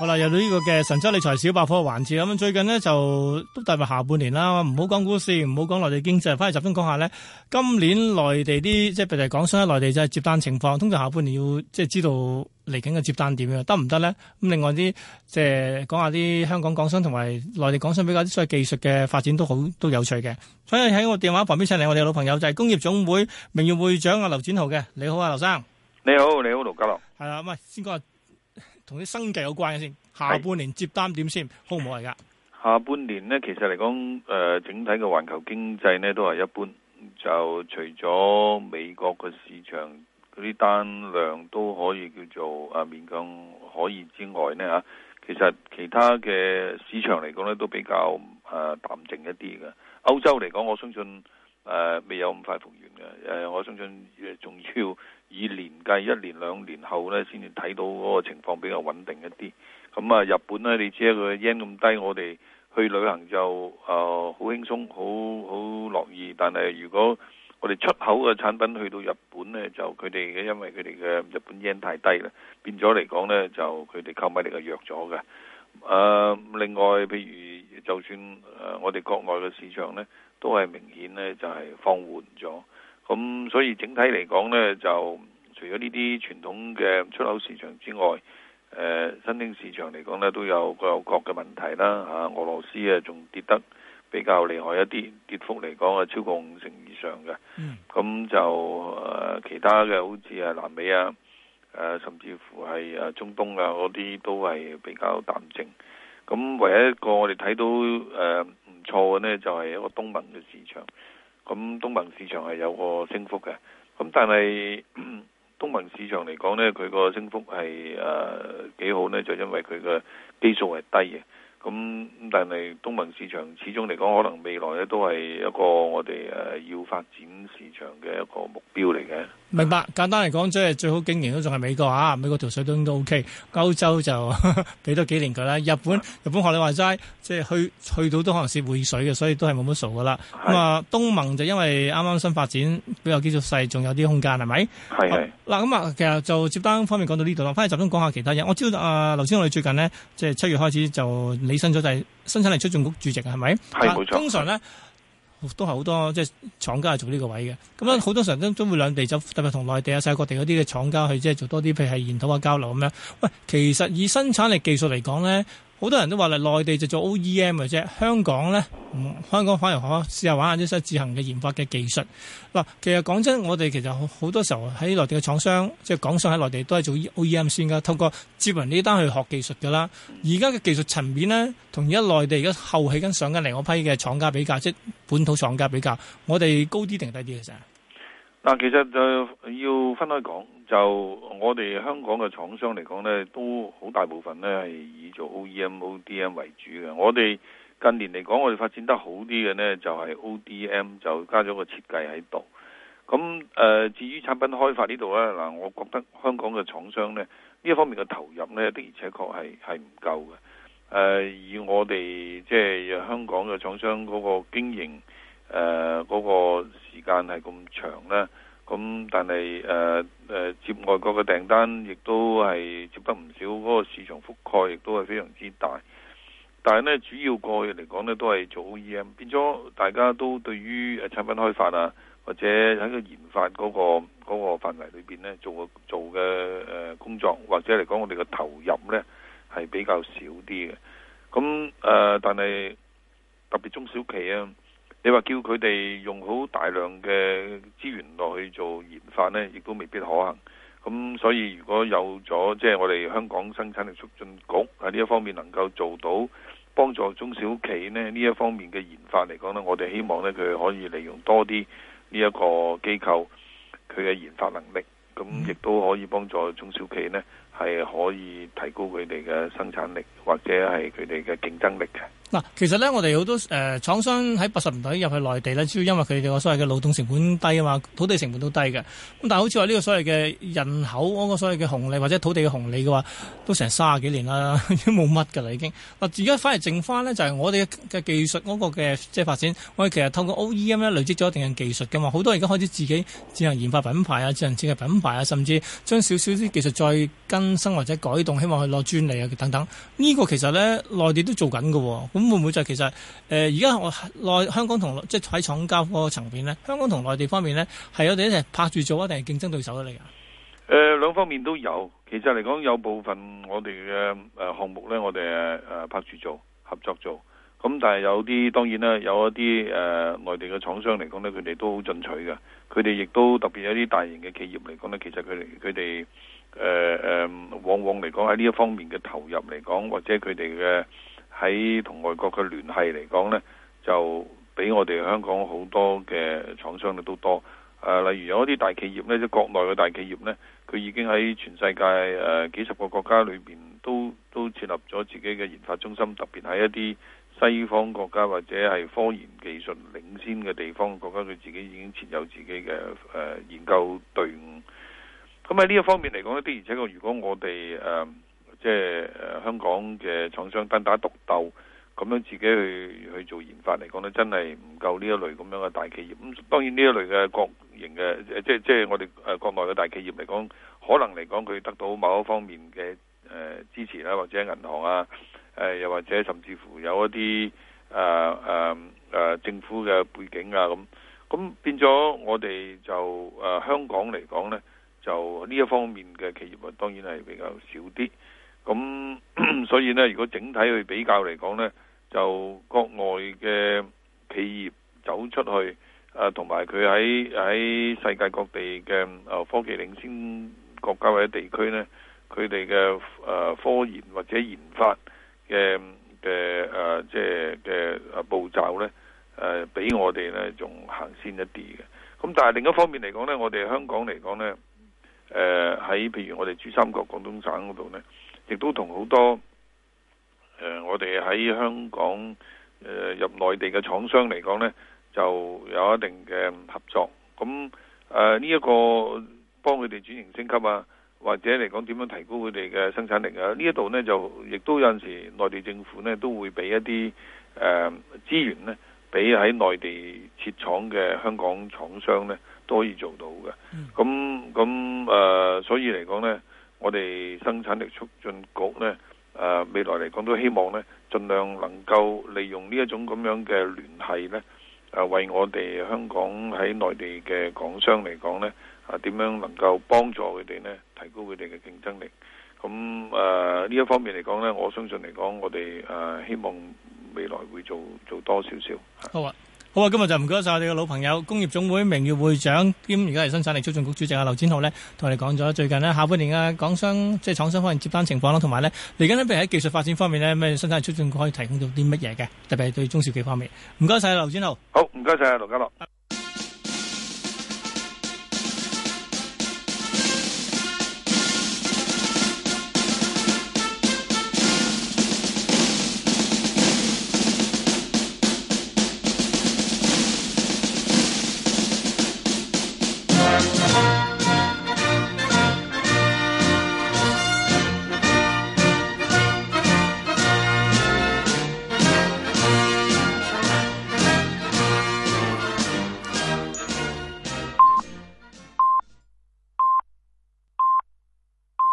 好啦，又到呢個嘅神州理財小百科環節，咁最近呢，就都大約下半年啦，唔好講股市，唔好講內地經濟，翻嚟集中講下呢，今年內地啲即係，譬如講港商喺內地就係接單情況，通常下半年要即係知道嚟緊嘅接單點樣，得唔得呢？咁另外啲即係講下啲香港港商同埋內地港商比較啲所謂技術嘅發展都好都有趣嘅。所以喺我電話旁邊請嚟我哋老朋友就係、是、工業總會名譽會長啊劉展灝嘅，你好啊劉生，你好，你好盧家樂，係啦，咁啊先講。同啲生計有關嘅先，下半年接單點先好唔好嚟噶？下半年呢，其實嚟講，誒、呃，整體嘅環球經濟呢都係一般，就除咗美國嘅市場嗰啲單量都可以叫做啊勉強可以之外呢，吓、啊，其實其他嘅市場嚟講呢都比較誒、啊、淡靜一啲嘅。歐洲嚟講，我相信。誒、啊、未有咁快復原嘅，誒、啊、我相信仲要以年計，一年兩年後咧先至睇到嗰個情況比較穩定一啲。咁、嗯、啊，日本呢，你知佢 yen 咁低，我哋去旅行就誒好、呃、輕鬆，好好樂意。但係如果我哋出口嘅產品去到日本呢，就佢哋嘅因為佢哋嘅日本 yen 太低啦，變咗嚟講呢，就佢哋購買力係弱咗嘅。誒、啊、另外，譬如就算誒我哋國外嘅市場呢。都係明顯呢，就係放緩咗。咁所以整體嚟講呢，就除咗呢啲傳統嘅出口市場之外，誒新興市場嚟講呢，都有各有各嘅問題啦。嚇，俄羅斯啊，仲跌得比較厲害一啲，跌幅嚟講啊超過五成以上嘅。嗯。咁就誒其他嘅好似係南美啊，誒甚至乎係誒中東啊嗰啲都係比較淡靜。咁唯一一個我哋睇到誒唔錯嘅呢，就係一個東盟嘅市場。咁東盟市場係有個升幅嘅。咁但係東盟市場嚟講呢，佢個升幅係誒、呃、幾好呢，就係、因為佢個基數係低嘅。咁但係東盟市場始終嚟講，可能未來咧都係一個我哋誒要發展市場嘅一個目標嚟嘅。明白，簡單嚟講，即係最好經營都仲係美國吓，美國條水都應該 OK。歐洲就俾 多幾年佢啦。日本日本學你話齋，即係去去到都可能蝕匯水嘅，所以都係冇乜數噶啦。咁啊，東盟就因為啱啱新發展，比較基礎細，仲有啲空間係咪？係係。嗱咁啊，其實就接單方面講到呢度啦，翻去集中講下其他嘢。我知道阿劉先生你最近呢，即係七月開始就。起新咗就係生產力促進局主席係咪？係，冇錯。通常咧都係好多即係廠家係做呢個位嘅。咁樣好多時候都都會兩地走，特別同內地啊、世界各地嗰啲嘅廠家去即係做多啲，譬如係研討啊、交流咁樣。喂，其實以生產力技術嚟講咧。好多人都話啦，內地就做 OEM 嘅啫，香港呢，香港反而可試下玩下啲新自行嘅研發嘅技術。嗱，其實講真，我哋其實好多時候喺內地嘅廠商，即係港商喺內地都係做 OEM 先㗎，透過接人呢單去學技術㗎喇。而家嘅技術層面呢，同而家內地而家後起跟上緊嚟嗰批嘅廠家比較，即係本土廠家比較，我哋高啲定低啲嘅啫？嗱，其實就要分開講。就我哋香港嘅廠商嚟講呢都好大部分呢係以做 OEM、ODM 為主嘅。我哋近年嚟講，我哋發展得好啲嘅呢，就係 ODM 就加咗個設計喺度。咁誒，至於產品開發呢度呢，嗱，我覺得香港嘅廠商呢，呢一方面嘅投入呢，的而且確係係唔夠嘅。誒，以我哋即係香港嘅廠商嗰個經營誒嗰個時間係咁長呢。咁、嗯、但係誒誒接外國嘅訂單，亦都係接得唔少，嗰、那個市場覆蓋亦都係非常之大。但係呢主要過去嚟講呢，都係做 OEM，變咗大家都對於誒產品開發啊，或者喺個研發嗰、那個嗰、那個範圍裏邊呢，做嘅做嘅誒、呃、工作，或者嚟講我哋嘅投入呢係比較少啲嘅。咁、嗯、誒、呃，但係特別中小企啊。你話叫佢哋用好大量嘅資源落去做研發呢，亦都未必可行。咁所以如果有咗即係我哋香港生產力促進局喺呢一方面能夠做到幫助中小企呢，呢一方面嘅研發嚟講呢，我哋希望呢，佢可以利用多啲呢一個機構佢嘅研發能力，咁亦都可以幫助中小企呢，係可以提高佢哋嘅生產力或者係佢哋嘅競爭力嘅。嗱，其實咧，我哋好多誒廠、呃、商喺八十年代入去內地咧，主要因為佢哋個所謂嘅勞動成本低啊嘛，土地成本都低嘅。咁但係好似話呢個所謂嘅人口嗰、那個所謂嘅紅利或者土地嘅紅利嘅話，都成三十幾年啦，都冇乜㗎啦已經。嗱，而家反而剩翻呢，就係、是、我哋嘅技術嗰、那個嘅即係發展，我哋其實透過 OEM 咧累積咗一定嘅技術嘅嘛，好多而家開始自己自行研發品牌啊，自行設計品牌啊，甚至將少少啲技術再更新或者改動，希望去攞專利啊等等。呢、這個其實呢，內地都做緊嘅喎。咁、嗯、會唔會就其實誒而家內香港同即係喺廠家嗰個層面咧，香港同內地方面咧，係我哋一齊拍住做啊，定係競爭對手嚟噶？誒、呃、兩方面都有，其實嚟講有部分我哋嘅誒項目咧，我哋誒拍住做合作做，咁但係有啲當然啦，有一啲誒、呃、內地嘅廠商嚟講咧，佢哋都好進取嘅，佢哋亦都特別有啲大型嘅企業嚟講咧，其實佢哋佢哋誒誒往往嚟講喺呢一方面嘅投入嚟講，或者佢哋嘅，喺同外國嘅聯繫嚟講呢就比我哋香港好多嘅廠商呢都多。誒、啊，例如有一啲大企業呢即係國內嘅大企業呢佢已經喺全世界誒、啊、幾十個國家裏邊都都設立咗自己嘅研發中心，特別喺一啲西方國家或者係科研技術領先嘅地方國家，佢自己已經設有自己嘅誒、啊、研究隊伍。咁喺呢一方面嚟講呢的而且確，如果我哋誒。啊即係誒香港嘅廠商單打獨鬥咁樣自己去去做研發嚟講呢，真係唔夠呢一類咁樣嘅大企業。咁當然呢一類嘅國營嘅，即係即係我哋誒國內嘅大企業嚟講，可能嚟講佢得到某一方面嘅誒支持啦，或者銀行啊，誒又或者甚至乎有一啲誒誒誒政府嘅背景啊咁。咁變咗我哋就誒香港嚟講呢，就呢一方面嘅企業啊，當然係比較少啲。咁所以呢，如果整體去比較嚟講呢，就國外嘅企業走出去，誒同埋佢喺喺世界各地嘅誒科技領先國家或者地區呢，佢哋嘅誒科研或者研發嘅嘅誒即係嘅誒步驟呢，誒比我哋呢仲行先一啲嘅。咁但係另一方面嚟講呢，我哋香港嚟講呢，誒喺譬如我哋珠三角廣東省嗰度呢。亦都同好多誒、呃、我哋喺香港誒、呃、入內地嘅廠商嚟講咧，就有一定嘅合作。咁誒呢一個幫佢哋轉型升級啊，或者嚟講點樣提高佢哋嘅生產力啊？呢一度咧就亦都有陣時內地政府咧都會俾一啲誒資源咧，俾喺內地設廠嘅香港廠商咧都可以做到嘅。咁咁誒，所以嚟講咧。我哋生產力促進局呢，誒未來嚟講都希望呢，盡量能夠利用呢一種咁樣嘅聯繫呢，誒為我哋香港喺內地嘅港商嚟講呢，啊點樣能夠幫助佢哋呢，提高佢哋嘅競爭力。咁誒呢一方面嚟講呢，我相信嚟講，我哋誒希望未來會做做多少少。好啊。好啊！今日就唔該晒我哋嘅老朋友，工業總會名譽會長兼而家係生產力促進局主席啊劉展灝咧，同我哋講咗最近呢下半年嘅、啊、港商即係廠商方面接單情況啦，同埋咧嚟緊咧，譬如喺技術發展方面咧，咩生產力促進局可以提供到啲乜嘢嘅？特別係對中小企方面。唔該晒劉展灝。好，唔該晒劉家樂。